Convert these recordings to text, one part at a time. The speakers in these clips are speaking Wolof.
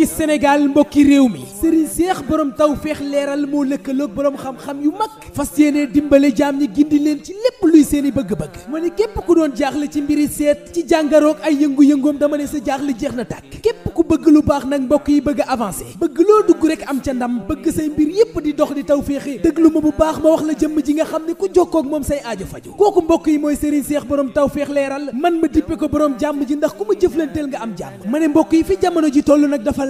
mbokki Sénégal mbokki réew mi sëriñ seex borom tawféex leeral moo lëkkaloog borom xam-xam yu mag fas yéene dimbale jaam ñi gindi leen ci lépp luy seeni bëgg-bëgg ma ne képp ku doon jaaxle ci mbiri seet ci jàngaroog ay yëngu-yëngoom dama ne sa jaaxle jeex na tàkk képp ku bëgg lu baax nag mbokk yi bëgg a bëgg loo dugg rek am ca ndam bëgg say mbir yépp di dox di tawféexe déglu ma bu baax ma wax la jëmm ji nga xam ne ku jokkoo ak moom say aajo faju kooku mbokk yi mooy sëriñ seex borom tawféex leeral man ma dippe ko borom jàmm ji ndax ku ma jëflanteel nga am ma mbokk yi fi jamono ji toll nag dafa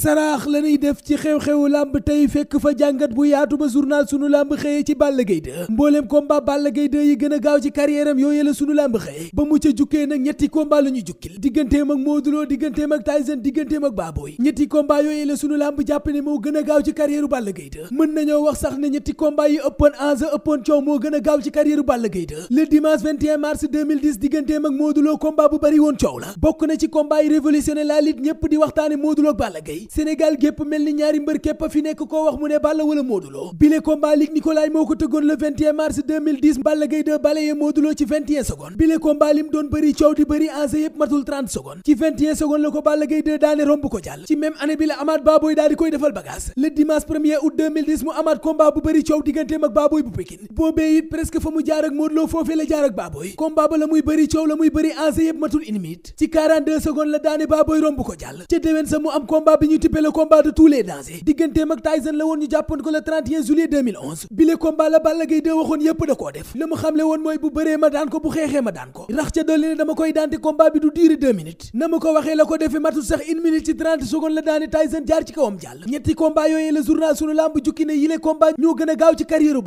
saraax la ñuy def ci xew-xewu làmb tey fekk fa jàngat bu yaatu ba journal sunu làmb xëyee ci Balla Gaye 2 mbooleem combat Balla Gaye 2 yi gën gaaw ci carrière am yooyu la sunu làmb xëyee ba mu ca jukkee nag ñetti combat la ñu jukkil digganteem ak Modou Lo digganteem ak Tyson digganteem ak Baboy ñetti combat yooyu la sunu làmb jàpp ne moo gën a gaaw ci carrière Balla Gaye 2 mën nañoo wax sax ne ñetti combat yi ëppoon enjeu ëppoon coow moo gën a gaaw ci carrière Balla Gaye 2 le dimanche 21 mars 2010 digganteem ak Modou di waxtaane Modou Lo ak Balla Sénégal gépp mel ni ñaari mbër képp fi nekk koo wax mu ne Balla wala Modou Lo bile combat Luc Nicolaï moo ko tëggoon le mars 2010 Balla Gaye 2 ci 21 secondes bile lim doon bëri coow di bëri enjeu yëpp matul 30 secondes ci 21 la ko Balla Gaye daane romb ko jàll ci même année amaat Baboy daal di koy defal bagage le dimanche 1er mu amaat combat bu bëri coow digganteem ak Baboy bu Pikine boobee it fa mu jaar ak Modou Lo foofee la jaar intitulé le combat de tous les digganteem ak Tyson la woon ñu jàppoon ko le 31 juillet 2011 bi la Balla Gaye 2 waxoon yépp da koo def la mu xamle woon mooy bu bëree ma daan ko bu xeexee ma daan ko rax ca dolli ne dama koy daante combat bi du durer minutes na ma ko waxee la ko defee matul sax une minute ci 30 secondes la daane Tyson jaar ci kawam jàll ñetti combat yooyee la journal sunu lamb jukki ne yile combat ñoo gën a gaaw ci carrière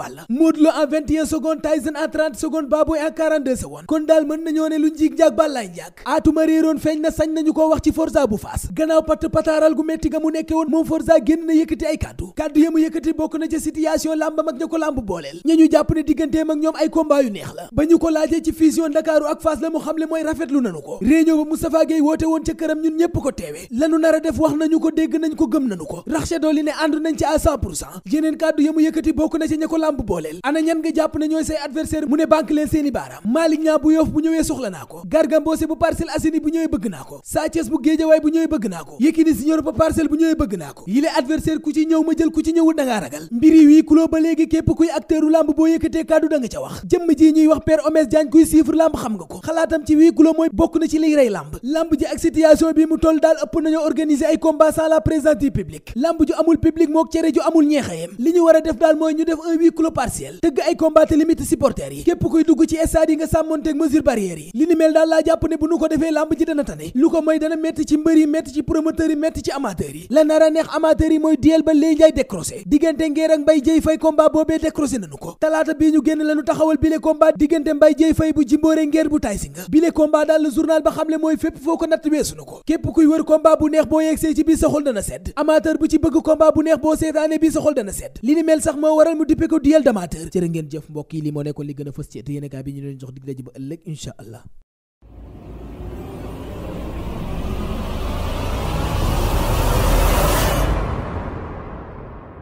mu nekke woon moom Forza na yëkkati ay kàddu kàddu ya mu yëkkati bokk na ca situation làmbam ak ña ko làmb booleel ña ñu jàpp ne digganteem ak ñoom ay combat yu neex la ba ñu ko laajee ci fusion Ndakaaru ak Fass la mu xamle mooy rafetlu nanu ko réunion ba Moustapha Gueye woote woon ca këram ñun ñépp ko teewee lanu nar def wax nañu ko dégg nañ ko gëm nañu ko rax ca dolli ne ànd nañ ci à pour cent yeneen kàddu ya mu yëkkati bokk na ca ña Sa Thiès bu Guédiawaye bu ñëwee bëgg naa ko Yékini parcelle bu ñëwee bëgg naa ko yile adversaire ku ci ñëw ma jël ku ci ñëwul dangaa ragal mbiri wii kuloo ba léegi képp kuy acteuru lamb boo yëkkatee kàddu da nga ca wax jëmm ji ñuy wax père Omès Diagne kuy suivre lamb xam nga ko xalaatam ci wii mooy bokk na ci liy rey lamb lamb ji ak bi mu toll daal ëpp nañoo organiser ay combat sans la présence du public lamb ju amul public mook cere ju amul ñeexayem li ñu war a def daal mooy ñu def un huis clos ci stade yi nga sàmmonteeg mesure barrières yi amateurs yi la nar a neex amateurs yi mooy duel ba léegi lay décroché diggante ngeer ak mbay jëy fay combat boobee décroché nañu ko talaata bii ñu génn lañu taxawal bile combat diggante mbay jëy fay bu jimboore ngeer bu tay si nga bile combat daal journal ba xamle mooy fépp foo ko natt weesu na ko képp kuy wër combat bu neex boo yegsee ci biir sa xol dana sedd amateur bu ci bëgg combat bu neex boo seetaane bii sa xol dana sedd li ni mel sax moo waral mu dippe ko duel a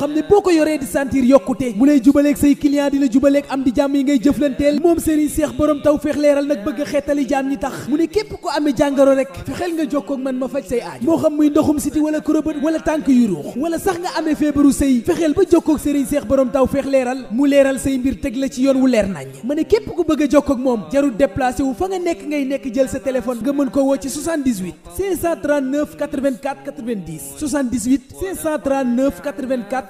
xam ne boo ko yoree di sentir yokkute mu lay jubaleeg say client dina jubaleeg am di jàmm yi ngay jëflanteel moom Serigne Cheikh borom taw feex leeral nag bëgg a xeetali jaam ñi tax mu ne képp ko amee jàngoro rek fexeel nga jokkoo man ma faj say aaj moo xam muy ndoxum siti wala kurobët wala tànk yu ruux wala sax nga amee feebaru sëy fexeel ba jokkoo ak seex Cheikh borom taw feex leeral mu leeral say mbir teg la ci yoon wu leer nañ ma ne képp ku bëgg a jokkoo ak moom jarul déplacé wu fa nga nekk ngay nekk jël sa téléphone nga mën ko woo ci 78 539 84 90 78 539 84